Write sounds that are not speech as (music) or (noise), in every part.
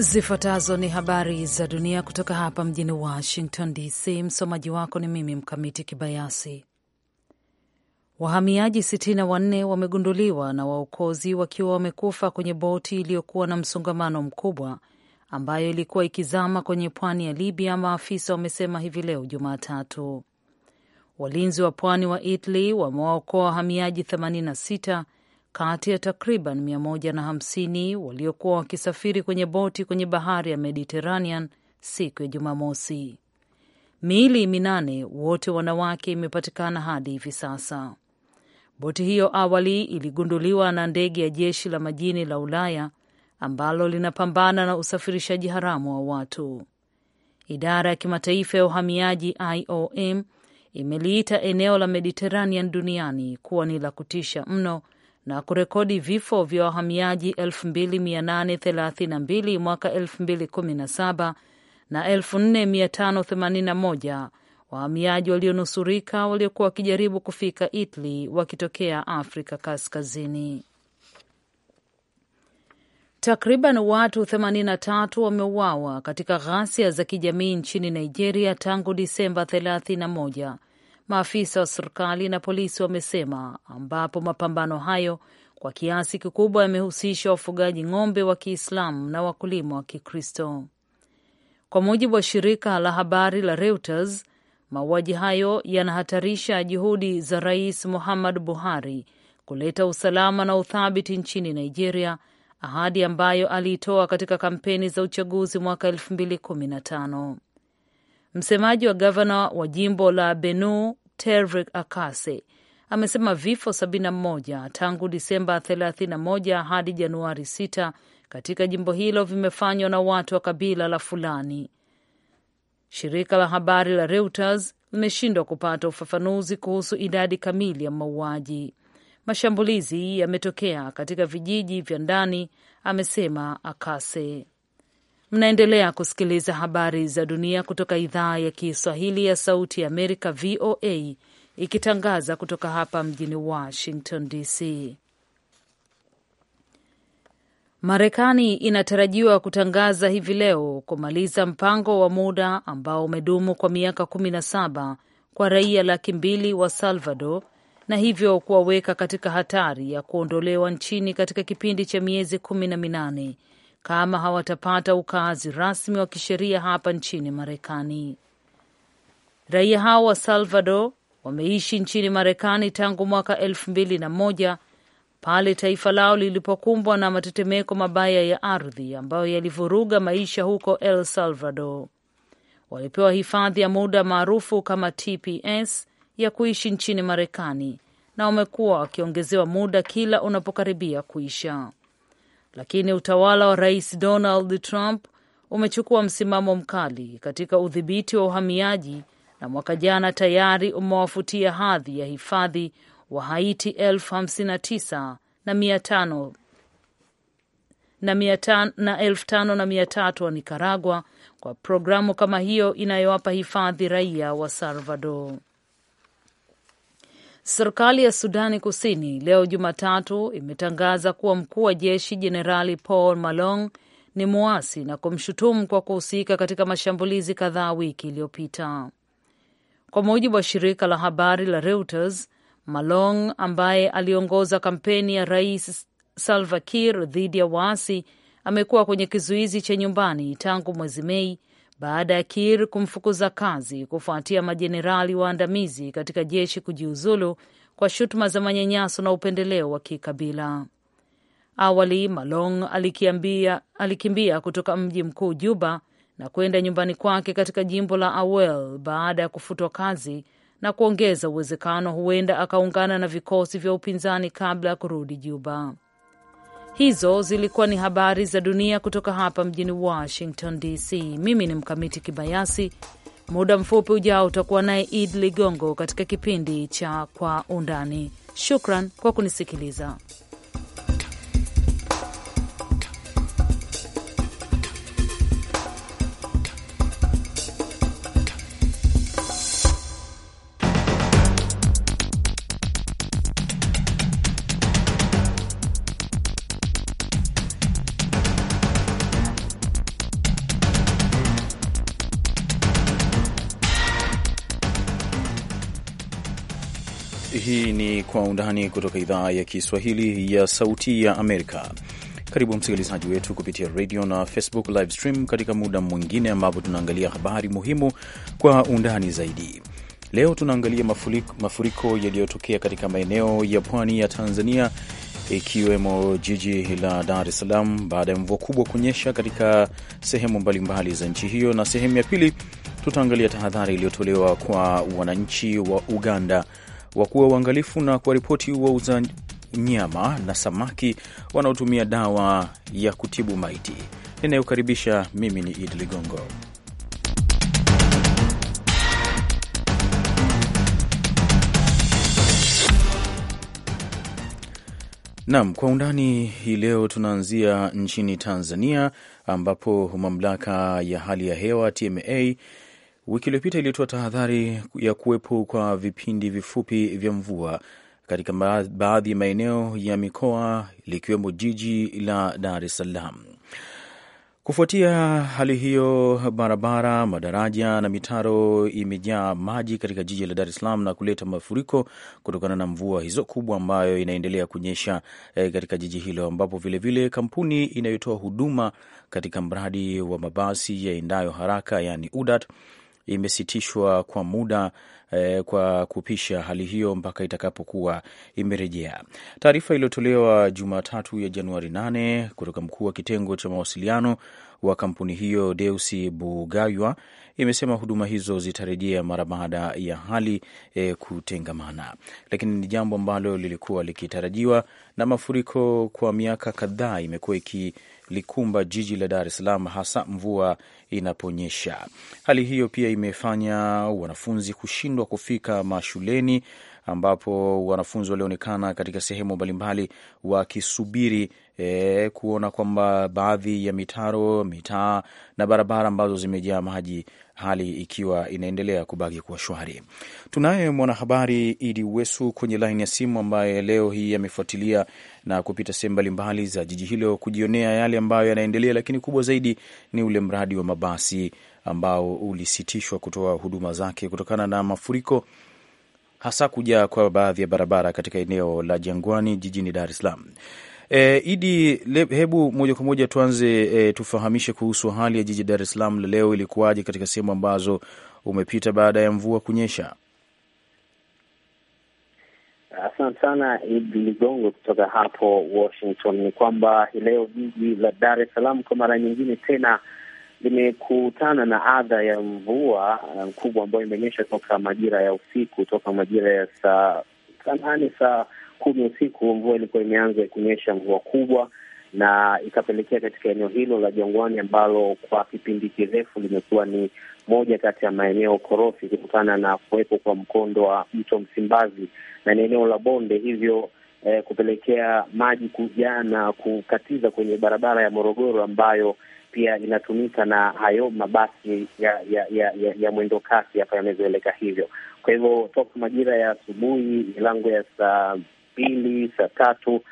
Zifuatazo ni habari za dunia kutoka hapa mjini Washington DC. Msomaji wako ni mimi Mkamiti Kibayasi. Wahamiaji 64 wanne wamegunduliwa na waokozi wakiwa wamekufa kwenye boti iliyokuwa na msongamano mkubwa ambayo ilikuwa ikizama kwenye pwani ya Libya, maafisa wamesema hivi leo Jumatatu. Walinzi wa pwani wa Italy wamewaokoa wahamiaji 86 kati ya takriban 150 waliokuwa wakisafiri kwenye boti kwenye bahari ya Mediterranean siku ya Jumamosi. Miili minane, wote wanawake, imepatikana hadi hivi sasa. Boti hiyo awali iligunduliwa na ndege ya jeshi la majini la Ulaya ambalo linapambana na usafirishaji haramu wa watu. Idara ya kimataifa ya uhamiaji IOM imeliita eneo la Mediterranean duniani kuwa ni la kutisha mno na kurekodi vifo vya wahamiaji 2832 mwaka 2017 na 4581 wahamiaji walionusurika waliokuwa wakijaribu kufika Italy wakitokea Afrika Kaskazini. Takriban watu 83 wameuawa katika ghasia za kijamii nchini Nigeria tangu Disemba 31 maafisa wa serikali na polisi wamesema, ambapo mapambano hayo kwa kiasi kikubwa yamehusisha wafugaji ng'ombe wa Kiislamu na wakulima wa Kikristo. Kwa mujibu wa shirika la habari la Reuters, mauaji hayo yanahatarisha juhudi za Rais Muhammad Buhari kuleta usalama na uthabiti nchini Nigeria, ahadi ambayo aliitoa katika kampeni za uchaguzi mwaka 215 Msemaji wa gavana wa jimbo la benu Tervik Akase amesema vifo 71 tangu Disemba 31 hadi Januari 6 katika jimbo hilo vimefanywa na watu wa kabila la Fulani. Shirika la habari la Reuters limeshindwa kupata ufafanuzi kuhusu idadi kamili ya mauaji. Mashambulizi yametokea katika vijiji vya ndani, amesema Akase. Mnaendelea kusikiliza habari za dunia kutoka idhaa ya Kiswahili ya Sauti ya Amerika, VOA, ikitangaza kutoka hapa mjini Washington DC. Marekani inatarajiwa kutangaza hivi leo kumaliza mpango wa muda ambao umedumu kwa miaka kumi na saba kwa raia laki mbili wa Salvador na hivyo kuwaweka katika hatari ya kuondolewa nchini katika kipindi cha miezi kumi na minane kama hawatapata ukaazi rasmi wa kisheria hapa nchini Marekani. Raia hao wa Salvador wameishi nchini Marekani tangu mwaka elfu mbili na moja pale taifa lao lilipokumbwa na matetemeko mabaya ya ardhi ambayo yalivuruga maisha huko El Salvador. Walipewa hifadhi ya muda maarufu kama TPS ya kuishi nchini Marekani na wamekuwa wakiongezewa muda kila unapokaribia kuisha lakini utawala wa Rais Donald Trump umechukua msimamo mkali katika udhibiti wa uhamiaji na mwaka jana tayari umewafutia hadhi ya hifadhi wa Haiti elfu hamsini na tisa na mia tano na elfu tano na mia tatu wa nikaragua kwa programu kama hiyo inayowapa hifadhi raia wa Salvador. Serikali ya Sudani Kusini leo Jumatatu imetangaza kuwa mkuu wa jeshi Jenerali Paul Malong ni mwasi na kumshutumu kwa kuhusika katika mashambulizi kadhaa wiki iliyopita. Kwa mujibu wa shirika la habari la Reuters, Malong ambaye aliongoza kampeni ya Rais Salva Kiir dhidi ya waasi amekuwa kwenye kizuizi cha nyumbani tangu mwezi Mei baada ya kir kumfukuza kazi kufuatia majenerali waandamizi katika jeshi kujiuzulu kwa shutuma za manyanyaso na upendeleo wa kikabila. Awali Malong alikiambia, alikimbia kutoka mji mkuu Juba na kwenda nyumbani kwake katika jimbo la Awel baada ya kufutwa kazi na kuongeza uwezekano huenda akaungana na vikosi vya upinzani kabla ya kurudi Juba. Hizo zilikuwa ni habari za dunia kutoka hapa mjini Washington DC. Mimi ni Mkamiti Kibayasi. Muda mfupi ujao utakuwa naye Id Ligongo katika kipindi cha Kwa Undani. Shukran kwa kunisikiliza. Kwa Undani kutoka idhaa ya Kiswahili ya Sauti ya Amerika. Karibu msikilizaji wetu kupitia radio na Facebook live stream katika muda mwingine ambapo tunaangalia habari muhimu kwa undani zaidi. Leo tunaangalia mafuriko yaliyotokea katika maeneo ya pwani ya Tanzania ikiwemo jiji la Dar es Salaam baada ya mvua kubwa kunyesha katika sehemu mbalimbali mbali za nchi hiyo, na sehemu ya pili tutaangalia tahadhari iliyotolewa kwa wananchi wa Uganda wa kuwa uangalifu na kuwaripoti wauza nyama na samaki wanaotumia dawa ya kutibu maiti. Ninayokaribisha mimi ni Idi Ligongo. Naam, kwa undani hii leo tunaanzia nchini Tanzania ambapo mamlaka ya hali ya hewa TMA wiki iliyopita ilitoa tahadhari ya kuwepo kwa vipindi vifupi vya mvua katika baadhi ya maeneo ya mikoa likiwemo jiji la Dar es Salaam. Kufuatia hali hiyo, barabara, madaraja na mitaro imejaa maji katika jiji la Dar es Salaam na kuleta mafuriko kutokana na mvua hizo kubwa ambayo inaendelea kunyesha eh, katika jiji hilo, ambapo vilevile vile kampuni inayotoa huduma katika mradi wa mabasi yaendayo haraka, yaani UDAT imesitishwa kwa muda eh, kwa kupisha hali hiyo mpaka itakapokuwa imerejea. Taarifa iliyotolewa Jumatatu ya Januari 8 kutoka mkuu wa kitengo cha mawasiliano wa kampuni hiyo Deusi Bugaywa imesema huduma hizo zitarejea mara baada ya hali e, kutengamana, lakini ni jambo ambalo lilikuwa likitarajiwa. Na mafuriko kwa miaka kadhaa imekuwa ikilikumba jiji la Dar es Salaam, hasa mvua inaponyesha. Hali hiyo pia imefanya wanafunzi kushindwa kufika mashuleni ambapo wanafunzi walionekana katika sehemu mbalimbali wakisubiri e, kuona kwamba baadhi ya mitaro, mitaa na barabara ambazo zimejaa maji, hali ikiwa inaendelea kubaki kuwa shwari. Tunaye mwanahabari Idi Wesu kwenye laini ya simu ambaye leo hii amefuatilia na kupita sehemu mbalimbali za jiji hilo kujionea yale ambayo yanaendelea, lakini kubwa zaidi ni ule mradi wa mabasi ambao ulisitishwa kutoa huduma zake kutokana na mafuriko hasa kujaa kwa baadhi ya barabara katika eneo la Jangwani jijini Dar es Salaam. E, Idi, hebu moja kwa moja tuanze, e, tufahamishe kuhusu hali ya jiji Dar es Salaam leo ilikuwaje katika sehemu ambazo umepita baada ya mvua kunyesha? Asante sana Idi Ligongo kutoka hapo Washington. Ni kwamba leo jiji la Dar es Salaam kwa mara nyingine tena limekutana na adha ya mvua eh, kubwa ambayo imeonyesha toka majira ya usiku, toka majira ya saa saa nane saa kumi usiku mvua ilikuwa imeanza kunyesha mvua kubwa, na ikapelekea katika eneo hilo la Jangwani ambalo kwa kipindi kirefu limekuwa ni moja kati ya maeneo korofi kutokana na kuwepo kwa mkondo wa mto Msimbazi na ni eneo la bonde, hivyo eh, kupelekea maji kujaa na kukatiza kwenye barabara ya Morogoro ambayo pia inatumika na hayo mabasi ya ya ya, ya, ya mwendo kasi hapa yamezoeleka hivyo. Kwa hivyo toka majira ya asubuhi, milango ya saa mbili, saa tatu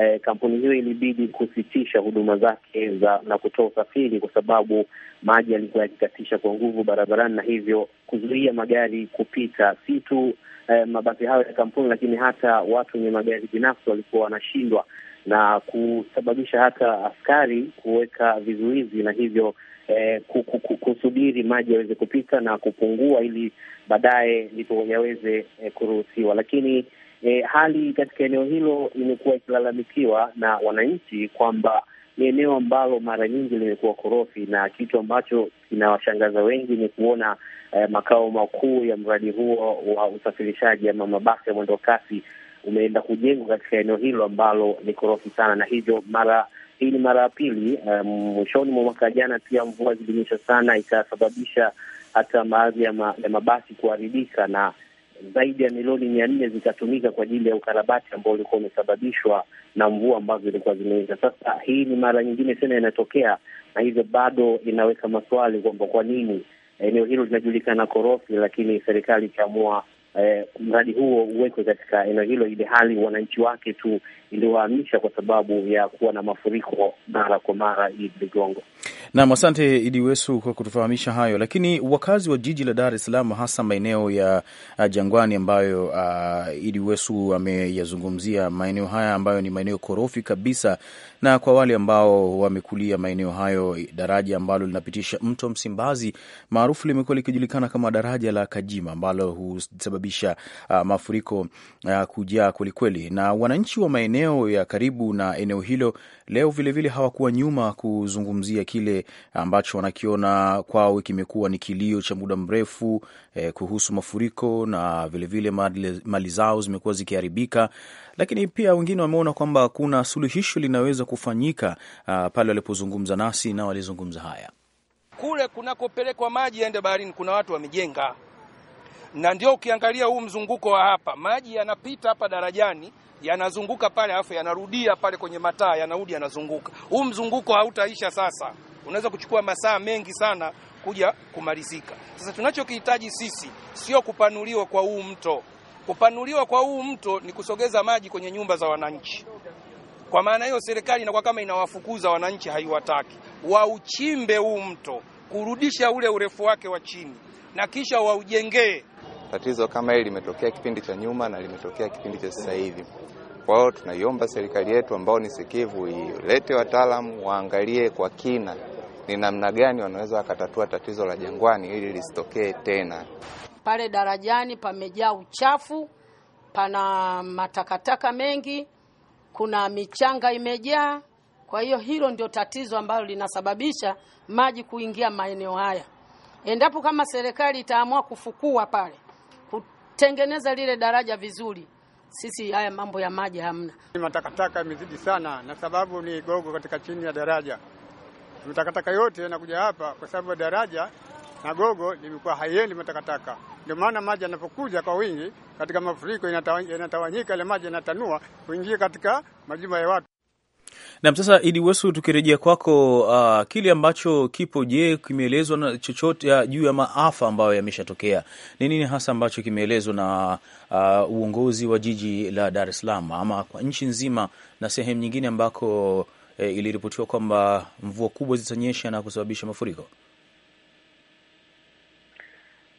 Eh, kampuni hiyo ilibidi kusitisha huduma zake za na kutoa usafiri kwa sababu maji yalikuwa yakikatisha kwa nguvu barabarani na hivyo kuzuia magari kupita, si tu eh, mabasi hayo ya kampuni, lakini hata watu wenye magari binafsi walikuwa wanashindwa na kusababisha hata askari kuweka vizuizi na hivyo eh, kusubiri maji yaweze kupita na kupungua, ili baadaye ndipo yaweze eh, kuruhusiwa. Lakini eh, hali katika eneo hilo imekuwa ikilalamikiwa na wananchi kwamba ni eneo ambalo mara nyingi limekuwa korofi, na kitu ambacho kinawashangaza wengi ni kuona eh, makao makuu ya mradi huo wa usafirishaji ama mabasi ya mwendo kasi umeenda kujengwa katika eneo hilo ambalo ni korofi sana, na hivyo mara hii ni mara ya pili. Um, mwishoni um, mwa mwaka jana pia mvua zilinyesha sana ikasababisha hata baadhi ya, ma, ya mabasi kuharibika na zaidi ya milioni mia nne zikatumika kwa ajili ya ukarabati ambao ulikuwa umesababishwa na mvua ambazo zilikuwa zimeweza. Sasa hii ni mara nyingine tena inatokea, na hivyo bado inaweka maswali kwamba kwa nini eneo hilo linajulikana korofi, lakini serikali ikaamua eh, mradi huo uwekwe katika eneo hilo, ili hali wananchi wake tu iliwahamisha kwa sababu ya kuwa na mafuriko mara kwa mara. Idi Ligongo. Nam, asante Idi Wesu kwa kutufahamisha hayo. Lakini wakazi wa jiji la Dar es Salaam, hasa maeneo ya uh, Jangwani ambayo uh, Idi Wesu ameyazungumzia maeneo haya ambayo ni maeneo korofi kabisa, na kwa wale ambao wamekulia maeneo hayo, daraja ambalo linapitisha mto Msimbazi maarufu limekuwa likijulikana kama daraja la Kajima ambalo husababisha uh, mafuriko uh, kujaa kwelikweli, na wananchi wa maeneo ya karibu na eneo hilo leo vilevile hawakuwa nyuma kuzungumzia kile ambacho wanakiona kwao kimekuwa ni kilio cha muda mrefu eh, kuhusu mafuriko na vilevile vile mali zao zimekuwa zikiharibika, lakini pia wengine wameona kwamba kuna suluhisho linaweza kufanyika uh, pale walipozungumza nasi na walizungumza haya. Kule kunakopelekwa maji yaende baharini, kuna watu wamejenga, na ndio ukiangalia huu mzunguko wa hapa, maji yanapita hapa darajani yanazunguka pale, alafu yanarudia pale kwenye mataa, yanarudi yanazunguka. Huu mzunguko hautaisha. Sasa unaweza kuchukua masaa mengi sana kuja kumalizika. Sasa tunachokihitaji sisi sio kupanuliwa kwa huu mto. Kupanuliwa kwa huu mto ni kusogeza maji kwenye nyumba za wananchi. Kwa maana hiyo, serikali inakuwa kama inawafukuza wananchi, haiwataki wauchimbe huu mto, kurudisha ule urefu wake wa chini na kisha waujengee. Tatizo kama hili limetokea kipindi cha nyuma na limetokea kipindi cha sasa hivi. Kwa hiyo tunaiomba serikali yetu ambao ni sikivu ilete wataalamu waangalie kwa kina ni namna gani wanaweza wakatatua tatizo la Jangwani ili lisitokee tena. Pale darajani pamejaa uchafu, pana matakataka mengi, kuna michanga imejaa. Kwa hiyo hilo ndio tatizo ambalo linasababisha maji kuingia maeneo haya. Endapo kama serikali itaamua kufukua pale, kutengeneza lile daraja vizuri, sisi haya mambo ya maji hamna. Matakataka yamezidi sana, na sababu ni gogo katika chini ya daraja. Matakataka yote yanakuja hapa kwa sababu ya daraja na gogo limekuwa haiendi matakataka, ndio maana maji yanapokuja kwa wingi katika mafuriko inatawanyika, ile maji yanatanua kuingia katika majumba ya watu. Nam, sasa Idi Wesu, tukirejea kwako, uh, kile ambacho kipo, je, kimeelezwa na chochote uh, juu ya maafa ambayo yameshatokea? Ni nini hasa ambacho kimeelezwa na uh, uongozi wa jiji la Dar es Salaam ama kwa nchi nzima na sehemu nyingine ambako eh, iliripotiwa kwamba mvua kubwa zitanyesha na kusababisha mafuriko?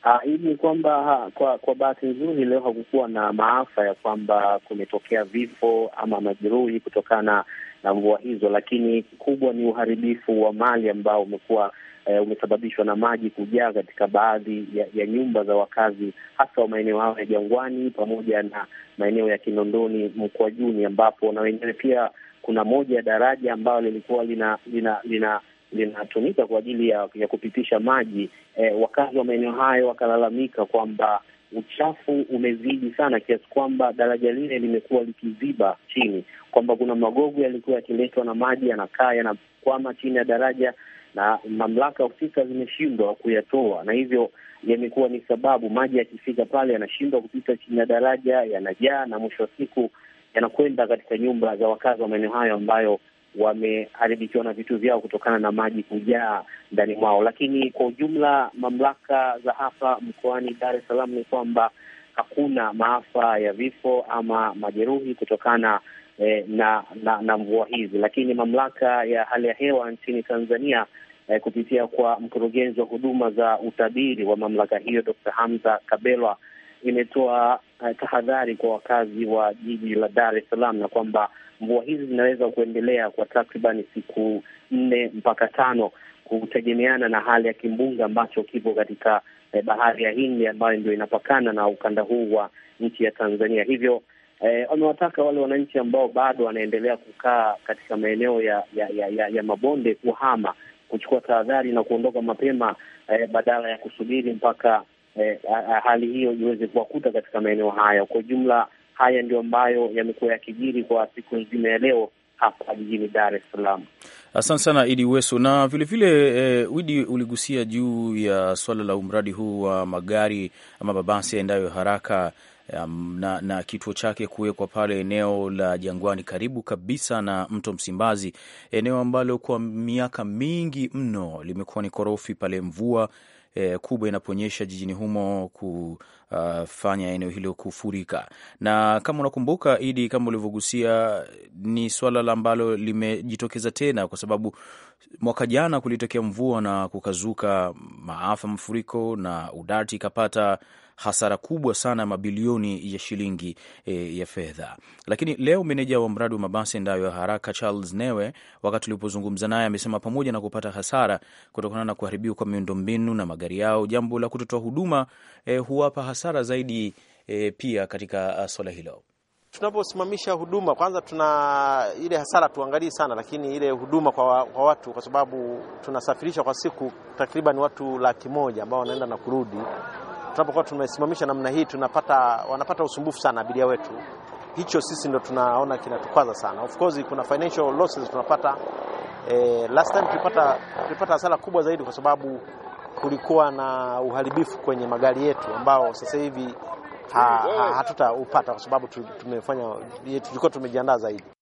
Ah, hii ni kwamba kwa kwa bahati nzuri leo hakukuwa na maafa ya kwamba kumetokea vifo ama majeruhi kutokana na mvua hizo, lakini kubwa ni uharibifu wa mali ambao umekuwa e, umesababishwa na maji kujaa katika baadhi ya, ya nyumba za wakazi hasa wa maeneo hayo ya Jangwani pamoja na maeneo ya Kinondoni Mkwajuni, ambapo na wenyewe pia kuna moja ya daraja ambayo lilikuwa lina lina lina linatumika kwa ajili ya, ya kupitisha maji e, wakazi wa maeneo hayo wakalalamika kwamba uchafu umezidi sana kiasi kwamba daraja lile limekuwa likiziba chini, kwamba kuna magogo yalikuwa yakiletwa na maji yanakaa yanakwama chini ya daraja, na mamlaka husika zimeshindwa kuyatoa, na hivyo yamekuwa ni sababu maji yakifika pale yanashindwa kupita chini ya daraja, yanajaa na mwisho wa siku yanakwenda katika nyumba za wakazi wa maeneo hayo ambayo wameharibikiwa na vitu vyao kutokana na maji kujaa ndani mwao. Lakini kwa ujumla, mamlaka za hapa mkoani Dar es Salaam ni kwamba hakuna maafa ya vifo ama majeruhi kutokana eh, na na, na mvua hizi. Lakini mamlaka ya hali ya hewa nchini Tanzania eh, kupitia kwa mkurugenzi wa huduma za utabiri wa mamlaka hiyo Dr. Hamza Kabelwa imetoa uh, tahadhari kwa wakazi wa jiji la Dar es Salaam na kwamba mvua hizi zinaweza kuendelea kwa takribani siku nne mpaka tano kutegemeana na hali ya kimbunga ambacho kipo katika eh, bahari ya Hindi ambayo ndio inapakana na ukanda huu wa nchi ya Tanzania. Hivyo eh, wamewataka eh, wale wananchi ambao bado wanaendelea kukaa katika maeneo ya, ya, ya, ya, ya mabonde kuhama, kuchukua tahadhari na kuondoka mapema eh, badala ya kusubiri mpaka eh, hali hiyo iweze kuwakuta katika maeneo haya. Kwa jumla, haya ndio ambayo yamekuwa yakijiri kwa siku nzima ya leo hapa jijini Dar es Salaam. Asante sana Idi Weso, na vilevile vile, eh, Idi uligusia juu ya swala la umradi huu wa magari ama mabasi yaendayo haraka um, na, na kituo chake kuwekwa pale eneo la Jangwani karibu kabisa na mto Msimbazi, eneo ambalo kwa miaka mingi mno limekuwa ni korofi pale mvua e, kubwa inaponyesha jijini humo kufanya eneo hilo kufurika. Na kama unakumbuka Idi, kama ulivyogusia, ni swala ambalo limejitokeza tena, kwa sababu mwaka jana kulitokea mvua na kukazuka maafa, mafuriko na udati ikapata hasara kubwa sana ya mabilioni ya shilingi e, ya fedha. Lakini leo meneja wa mradi wa mabasi ndayo ya haraka Charles Newe, wakati tulipozungumza naye, amesema pamoja na kupata hasara kutokana na kuharibiwa kwa miundombinu na magari yao, jambo la kutotoa huduma e, huwapa hasara zaidi e, pia katika swala hilo tunaposimamisha huduma kwanza, tuna ile hasara tuangalii sana, lakini ile huduma kwa, kwa watu, kwa sababu tunasafirisha kwa siku takriban watu laki moja ambao wanaenda na kurudi tunapokuwa tumesimamisha namna hii tunapata, wanapata usumbufu sana abiria wetu. Hicho sisi ndo tunaona kinatukwaza sana. Of course kuna financial losses tunapata. Eh, last time tulipata tulipata hasara kubwa zaidi kwa sababu kulikuwa na uharibifu kwenye magari yetu ambao sasa hivi ha, ha, hatutaupata kwa sababu tulikuwa tumejiandaa zaidi.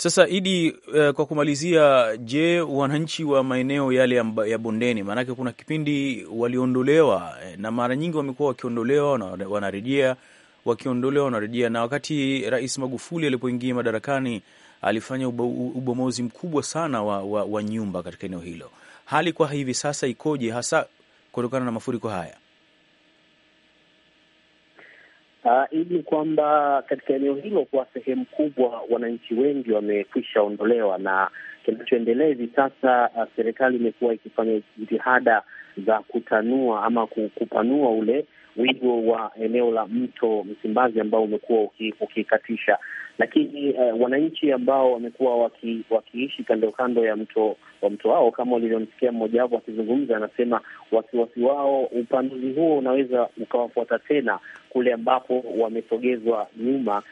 Sasa Idi, uh, kwa kumalizia, je, wananchi wa maeneo yale ya bondeni, maanake kuna kipindi waliondolewa eh, na mara nyingi wamekuwa wakiondolewa na wanarejea, wakiondolewa wanarejea. Na wakati Rais Magufuli alipoingia madarakani alifanya ubomozi mkubwa sana wa, wa, wa nyumba katika eneo hilo. Hali kwa hivi sasa ikoje, hasa kutokana na mafuriko haya? uh, ili kwamba katika eneo hilo kwa sehemu kubwa wananchi wengi wamekwisha ondolewa, na kinachoendelea hivi sasa uh, serikali imekuwa ikifanya jitihada za kutanua ama kupanua ule wigo wa eneo la mto Msimbazi ambao umekuwa ukikatisha uki, lakini uh, wananchi ambao wamekuwa waki, wakiishi kando kando ya mto wa mto wao, kama walivyomsikia mmoja wapo akizungumza, anasema wasiwasi wao upanuzi huo unaweza ukawafuata tena kule ambapo wamesogezwa nyuma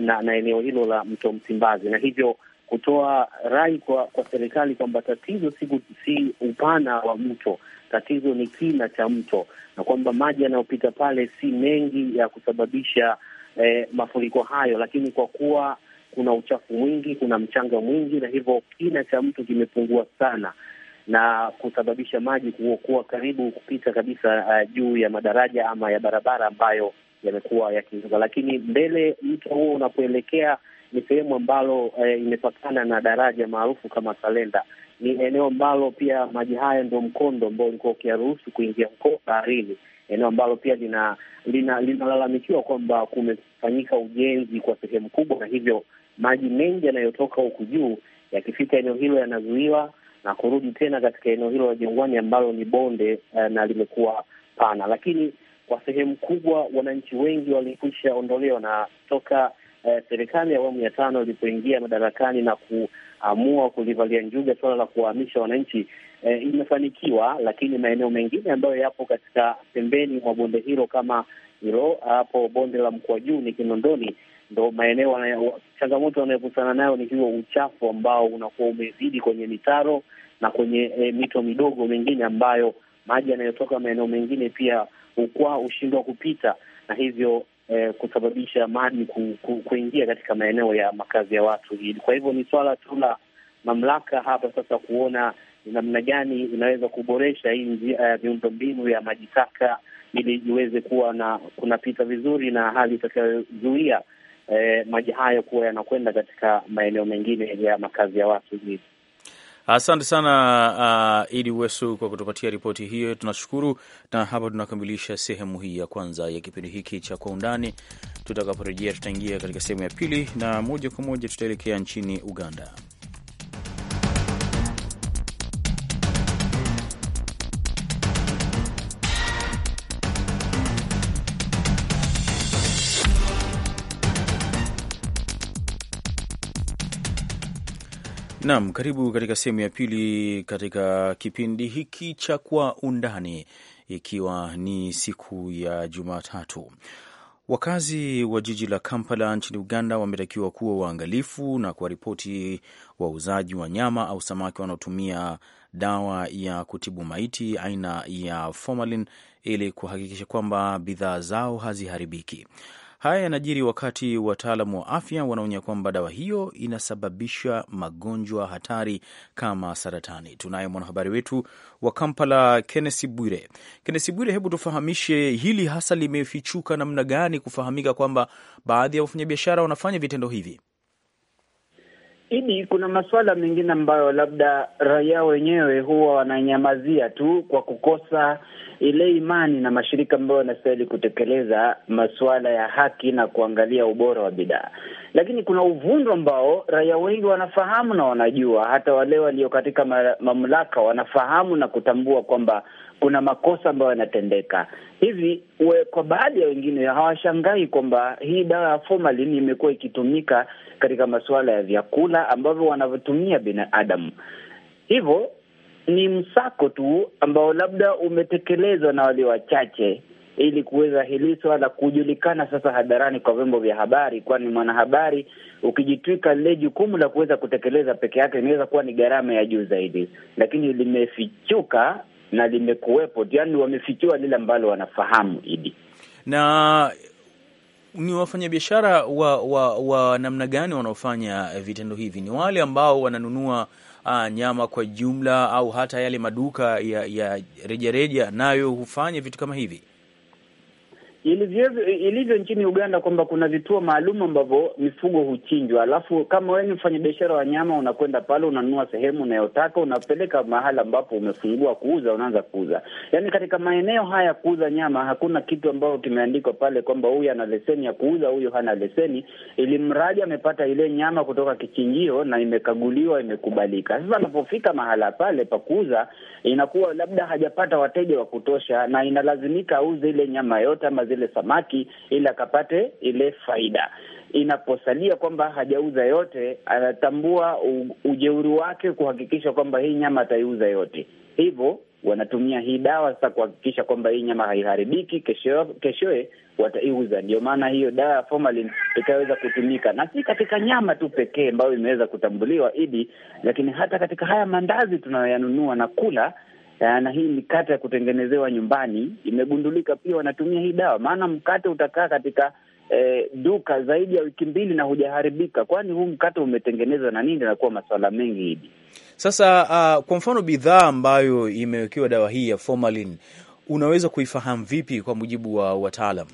na, na eneo hilo la mto Msimbazi, na hivyo kutoa rai kwa kwa serikali kwamba tatizo si, si upana wa mto, tatizo ni kina cha mto, na kwamba maji yanayopita pale si mengi ya kusababisha eh, mafuriko hayo, lakini kwa kuwa kuna uchafu mwingi, kuna mchanga mwingi, na hivyo kina cha mto kimepungua sana na kusababisha maji kuwa karibu kupita kabisa uh, juu ya madaraja ama ya barabara ambayo yamekuwa yakizuka. Lakini mbele mto huo unapoelekea ni sehemu ambalo uh, imepakana na daraja maarufu kama Salenda. Ni eneo ambalo pia maji haya ndio mkondo ambao ulikuwa ukiyaruhusu kuingia huko baharini, eneo ambalo pia lina linalalamikiwa lina kwamba kumefanyika ujenzi kwa sehemu kubwa, na hivyo maji mengi yanayotoka huku juu yakifika eneo hilo yanazuiwa na kurudi tena katika eneo hilo la Jangwani ambalo ni bonde eh, na limekuwa pana, lakini kwa sehemu kubwa wananchi wengi walikwisha ondolewa na toka eh, serikali ya awamu ya tano ilipoingia madarakani na kuamua kulivalia njuga suala la kuwahamisha wananchi eh, imefanikiwa, lakini maeneo mengine ambayo yapo katika pembeni mwa bonde hilo kama hilo hapo bonde la Mkwajuni Kinondoni ndo maeneo changamoto wanayokutana nayo ni huo uchafu ambao unakuwa umezidi kwenye mitaro na kwenye e, mito midogo mingine ambayo maji yanayotoka maeneo mengine pia ukwa hushindwa kupita na hivyo e, kusababisha maji ku, ku, kuingia katika maeneo ya makazi ya watu hili. Kwa hivyo ni swala tu la mamlaka hapa sasa kuona ni namna gani inaweza kuboresha hii e, miundo mbinu ya maji taka ili iweze kuwa na kunapita vizuri na hali itakayozuia eh, maji hayo kuwa yanakwenda katika maeneo mengine ya makazi ya watu hivi. Asante sana uh, Idi Wesu kwa kutupatia ripoti hiyo, tunashukuru. Na hapa tunakamilisha sehemu hii ya kwanza ya kipindi hiki cha Kwa Undani. Tutakaporejea tutaingia katika sehemu ya pili, na moja kwa moja tutaelekea nchini Uganda. Naam, karibu katika sehemu ya pili katika kipindi hiki cha Kwa Undani, ikiwa ni siku ya Jumatatu. Wakazi wa jiji la Kampala nchini Uganda wametakiwa kuwa waangalifu na kuwaripoti wauzaji wa nyama au samaki wanaotumia dawa ya kutibu maiti aina ya formalin ili kuhakikisha kwamba bidhaa zao haziharibiki. Haya yanajiri wakati wataalamu wa afya wanaonya kwamba dawa hiyo inasababisha magonjwa hatari kama saratani. Tunaye mwanahabari wetu wa Kampala, Kennesi Bwire. Kennesi Bwire, hebu tufahamishe hili hasa limefichuka namna gani, kufahamika kwamba baadhi ya wafanyabiashara wanafanya vitendo hivi? Idi, kuna masuala mengine ambayo labda raia wenyewe huwa wananyamazia tu kwa kukosa ile imani na mashirika ambayo yanastahili kutekeleza masuala ya haki na kuangalia ubora wa bidhaa, lakini kuna uvundo ambao raia wengi wanafahamu na wanajua, hata wale walio katika mamlaka wanafahamu na kutambua kwamba kuna makosa ambayo yanatendeka hivi. We, kwa baadhi ya wengine hawashangai kwamba hii dawa ya formalin imekuwa ikitumika katika masuala ya vyakula ambavyo wanavyotumia binadamu. Hivyo ni msako tu ambao labda umetekelezwa na walio wachache ili kuweza hili swala kujulikana sasa hadharani kwa vyombo vya habari, kwani mwanahabari ukijitwika lile jukumu la kuweza kutekeleza peke yake inaweza kuwa ni gharama ya juu zaidi, lakini limefichuka na limekuwepo, yaani wamefikiwa lile ambalo wanafahamu idi na ni wafanyabiashara wa, wa, wa namna gani wanaofanya eh, vitendo hivi? Ni wale ambao wananunua uh, nyama kwa jumla au hata yale maduka ya, ya rejareja nayo hufanya vitu kama hivi? ilivyo nchini Uganda kwamba kuna vituo maalum ambavyo mifugo huchinjwa, alafu kama wewe ni mfanyabiashara wa nyama unakwenda pale unanunua sehemu unayotaka unapeleka mahala ambapo umefungua kuuza, unaanza kuuza. Yaani katika maeneo haya ya kuuza nyama hakuna kitu ambao kimeandikwa pale kwamba huyu ana leseni ya kuuza, huyu hana leseni, ili mradi amepata ile nyama kutoka kichinjio na imekaguliwa, imekubalika. Sasa anapofika mahala pale pa kuuza, inakuwa labda hajapata wateja wa kutosha, na inalazimika auze ile nyama yote ama zile samaki ili akapate ile faida. Inaposalia kwamba hajauza yote, anatambua ujeuri wake kuhakikisha kwamba hii nyama ataiuza yote, hivyo wanatumia hii dawa sasa kuhakikisha kwamba hii nyama haiharibiki, keshoe wataiuza. Ndio maana hiyo dawa ya formalin ikaweza kutumika, na si katika nyama tu pekee ambayo imeweza kutambuliwa idi, lakini hata katika haya mandazi tunayoyanunua na kula Ah, na hii mikate ya kutengenezewa nyumbani imegundulika pia wanatumia hii dawa, maana mkate utakaa katika E, duka zaidi ya wiki mbili na hujaharibika. Kwani huu mkate umetengenezwa na nini? Nakuwa maswala mengi hivi sasa. Uh, kwa mfano bidhaa ambayo imewekewa dawa hii ya formalin unaweza kuifahamu vipi kwa mujibu wa wataalam?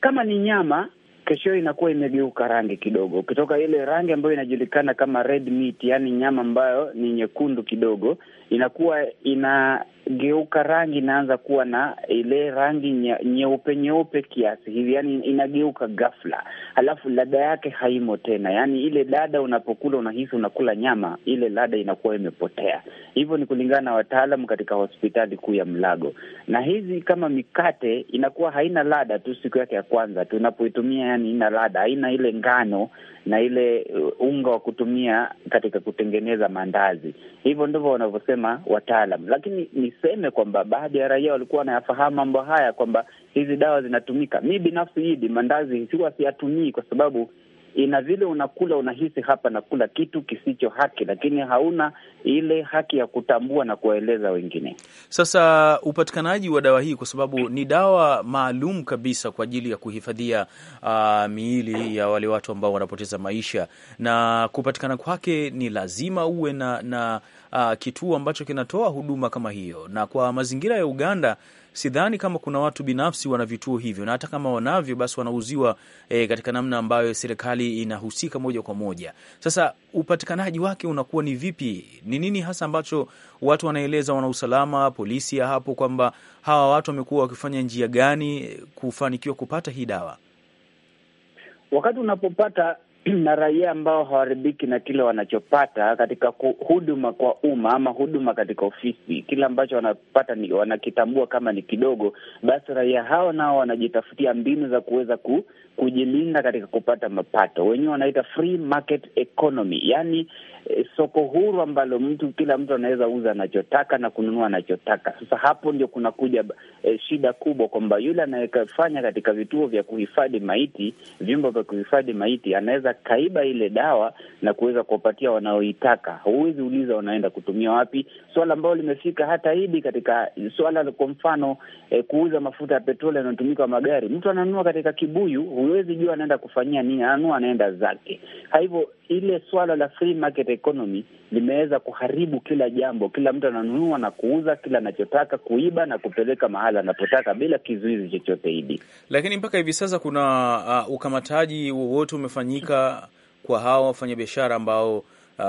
Kama ni nyama kesho inakuwa imegeuka rangi kidogo, kutoka ile rangi ambayo inajulikana kama red meat, yaani nyama ambayo ni nyekundu kidogo, inakuwa inageuka rangi, inaanza kuwa na ile rangi nyeupe nye nyeupe kiasi hivi, yaani inageuka ghafla, alafu ladha yake haimo tena. Yaani ile dada unapokula unahisi unakula nyama, ile ladha inakuwa imepotea. Hivyo ni kulingana na wataalam katika hospitali kuu ya Mlago. Na hizi kama mikate inakuwa haina ladha tu siku yake ya kwanza tunapoitumia yani ina ladha, haina ile ngano na ile uh, unga wa kutumia katika kutengeneza mandazi Hivyo ndivyo wanavyosema wataalam, lakini niseme kwamba baadhi ya raia walikuwa wanayafahamu mambo haya kwamba hizi dawa zinatumika. Mi binafsi hidi mandazi huwa siyatumii kwa sababu ina vile unakula unahisi hapa nakula kitu kisicho haki, lakini hauna ile haki ya kutambua na kuwaeleza wengine. Sasa upatikanaji wa dawa hii, kwa sababu ni dawa maalum kabisa kwa ajili ya kuhifadhia uh, miili ya wale watu ambao wanapoteza maisha, na kupatikana kwake ni lazima uwe na, na uh, kituo ambacho kinatoa huduma kama hiyo, na kwa mazingira ya Uganda sidhani kama kuna watu binafsi wana vituo hivyo, na hata kama wanavyo, basi wanauziwa e, katika namna ambayo serikali inahusika moja kwa moja. Sasa upatikanaji wake unakuwa ni vipi? Ni nini hasa ambacho watu wanaeleza wanausalama, polisi ya hapo, kwamba hawa watu wamekuwa wakifanya njia gani kufanikiwa kupata hii dawa? Wakati unapopata (clears throat) na raia ambao hawaridhiki na kile wanachopata katika huduma kwa umma ama huduma katika ofisi, kile ambacho wanapata ni, wanakitambua kama ni kidogo, basi raia hao nao wanajitafutia mbinu za kuweza ku, kujilinda katika kupata mapato. Wenyewe wanaita free market economy, yaani, eh, soko huru ambalo mtu kila mtu anaweza uza anachotaka na kununua anachotaka. Sasa hapo ndio kunakuja e, shida kubwa kwamba yule anayefanya katika vituo vya kuhifadhi maiti, vyumba vya kuhifadhi maiti anaweza atakaiba ile dawa na kuweza kuwapatia wanaoitaka. Huwezi uliza wanaenda kutumia wapi, swala ambalo limefika hata idi katika swala kwa mfano eh, kuuza mafuta ya petroli yanayotumika magari. Mtu ananunua katika kibuyu, huwezi jua anaenda kufanyia nini, ananua anaenda zake. Kwa hivyo ile swala la free market economy limeweza kuharibu kila jambo. Kila mtu ananunua na kuuza kila anachotaka, kuiba na kupeleka mahala anapotaka bila kizuizi chochote hidi. Lakini mpaka hivi sasa kuna uh, ukamataji wowote umefanyika kwa hawa wafanyabiashara ambao uh,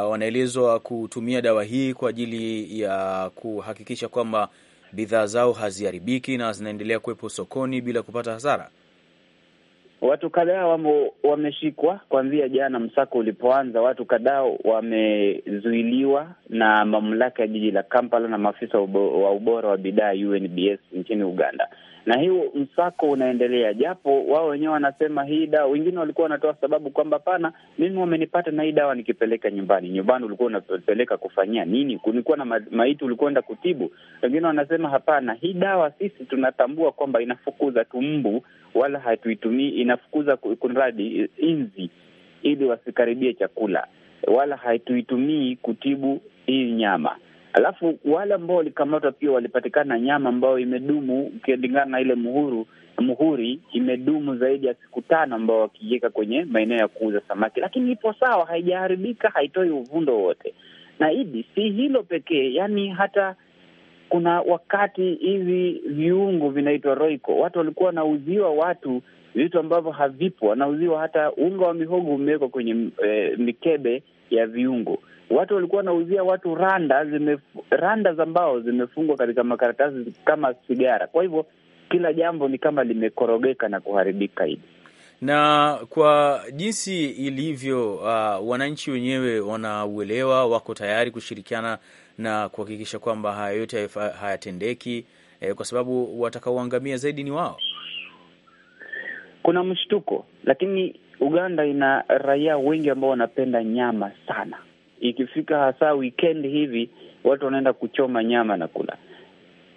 wanaelezwa kutumia dawa hii kwa ajili ya kuhakikisha kwamba bidhaa zao haziharibiki na zinaendelea kuwepo sokoni bila kupata hasara? Watu kadhaa wameshikwa kuanzia jana msako ulipoanza. Watu kadhaa wamezuiliwa na mamlaka ya jiji la Kampala na maafisa wa ubora wa bidhaa UNBS nchini Uganda, na hii msako unaendelea, japo wao wenyewe wanasema hii dawa, wengine walikuwa wanatoa sababu kwamba pana, mimi wamenipata na hii dawa nikipeleka nyumbani. Nyumbani ulikuwa unapeleka kufanyia nini? Kulikuwa na maiti ulikwenda kutibu? Wengine wanasema hapana, hii dawa sisi tunatambua kwamba inafukuza tumbu wala hatuitumii, inafukuza kunradi inzi ili wasikaribie chakula, wala hatuitumii kutibu hii nyama. Alafu wale ambao walikamatwa pia walipatikana nyama ambayo imedumu, ukilingana na ile muhuru muhuri imedumu zaidi ya siku tano, ambao wakiiweka kwenye maeneo ya kuuza samaki, lakini ipo sawa, haijaharibika, haitoi uvundo wote. Na idi si hilo pekee, yani hata kuna wakati hivi viungo vinaitwa roiko, watu walikuwa wanauziwa watu vitu ambavyo havipo, wanauziwa hata unga wa mihogo umewekwa kwenye e, mikebe ya viungo. Watu walikuwa wanauzia watu randa zime, randa za mbao zimefungwa katika makaratasi kama sigara. Kwa hivyo kila jambo ni kama limekorogeka na kuharibika hivi na kwa jinsi ilivyo, uh, wananchi wenyewe wanauelewa, wako tayari kushirikiana na kuhakikisha kwamba haya yote hayatendeki, eh, kwa sababu watakaoangamia zaidi ni wao. Kuna mshtuko, lakini Uganda ina raia wengi ambao wanapenda nyama sana. Ikifika hasa weekend hivi, watu wanaenda kuchoma nyama na kula.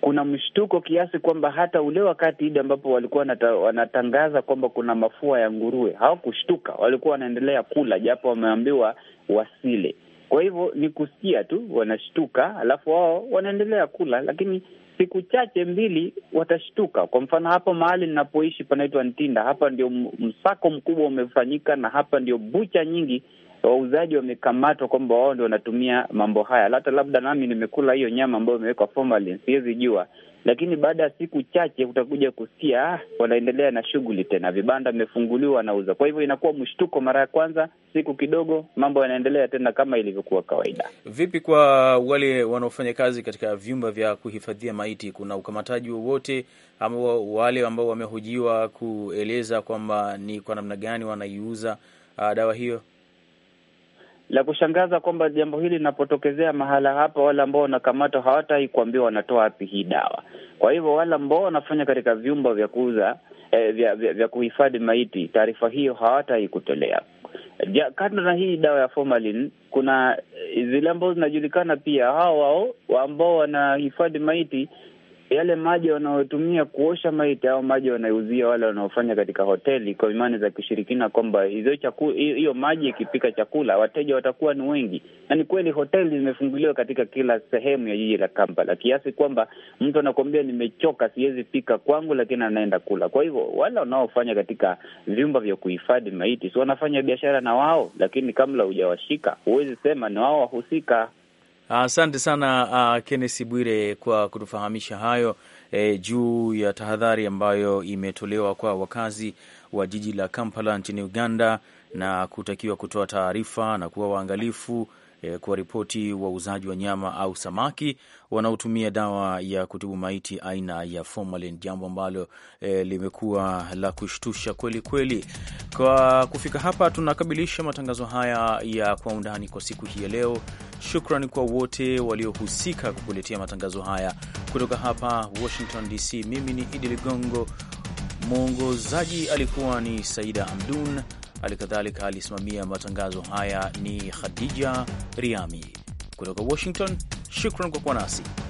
Kuna mshtuko kiasi kwamba hata ule wakati ile ambapo walikuwa wanatangaza kwamba kuna mafua ya nguruwe hawakushtuka, walikuwa wanaendelea kula japo wameambiwa wasile. Kwa hivyo ni kusikia tu wanashtuka, alafu wao wanaendelea kula, lakini siku chache mbili watashtuka. Kwa mfano, hapa mahali ninapoishi panaitwa Ntinda, hapa ndio msako mkubwa umefanyika, na hapa ndio bucha nyingi wauzaji wamekamatwa kwamba wao ndio wanatumia mambo haya. Hata labda nami nimekula hiyo nyama ambayo imewekwa formalin, siwezi jua, lakini baada ya siku chache utakuja kusikia ah, wanaendelea na shughuli tena, vibanda vimefunguliwa, wanauza. Kwa hivyo inakuwa mshtuko mara ya kwanza, siku kidogo mambo yanaendelea tena kama ilivyokuwa kawaida. Vipi kwa wale wanaofanya kazi katika vyumba vya kuhifadhia maiti, kuna ukamataji wowote ama wale ambao wamehojiwa kueleza kwamba ni kwa namna gani wanaiuza uh, dawa hiyo? La kushangaza kwamba jambo hili linapotokezea mahala hapa, wale ambao wanakamatwa hawatai kuambiwa wanatoa wapi hii dawa. Kwa hivyo wale ambao wanafanya katika vyumba vya kuuza eh, vya, vya, vya kuhifadhi maiti, taarifa hiyo hawatai kutolea. Ja, kando na hii dawa ya formalin kuna eh, zile ambao zinajulikana pia, hao wao ambao wanahifadhi maiti yale maji wanayotumia kuosha maiti au maji wanayouzia wale wanaofanya katika hoteli, kwa imani za kishirikina kwamba hizo chakula, hiyo maji ikipika chakula wateja watakuwa ni wengi. Na ni kweli hoteli zimefunguliwa katika kila sehemu ya jiji la Kampala, kiasi kwamba mtu anakuambia nimechoka, siwezi pika kwangu, lakini anaenda kula. Kwa hivyo wale wanaofanya katika vyumba vya kuhifadhi maiti si wanafanya biashara na wao, lakini kabla hujawashika huwezi sema ni wao wahusika. Asante uh, sana uh, Kennesi Bwire kwa kutufahamisha hayo eh, juu ya tahadhari ambayo imetolewa kwa wakazi wa jiji la Kampala nchini Uganda na kutakiwa kutoa taarifa na kuwa waangalifu eh, kwa ripoti wauzaji wa nyama au samaki wanaotumia dawa ya kutibu maiti aina ya formalin, jambo ambalo eh, limekuwa la kushtusha kweli kweli. Kwa kufika hapa, tunakabilisha matangazo haya ya kwa undani kwa siku hii ya leo. Shukran kwa wote waliohusika kukuletea matangazo haya kutoka hapa Washington DC. Mimi ni Idi Ligongo, mwongozaji alikuwa ni Saida Hamdun, hali kadhalika alisimamia matangazo haya ni Khadija Riami kutoka Washington. Shukran kwa kuwa nasi.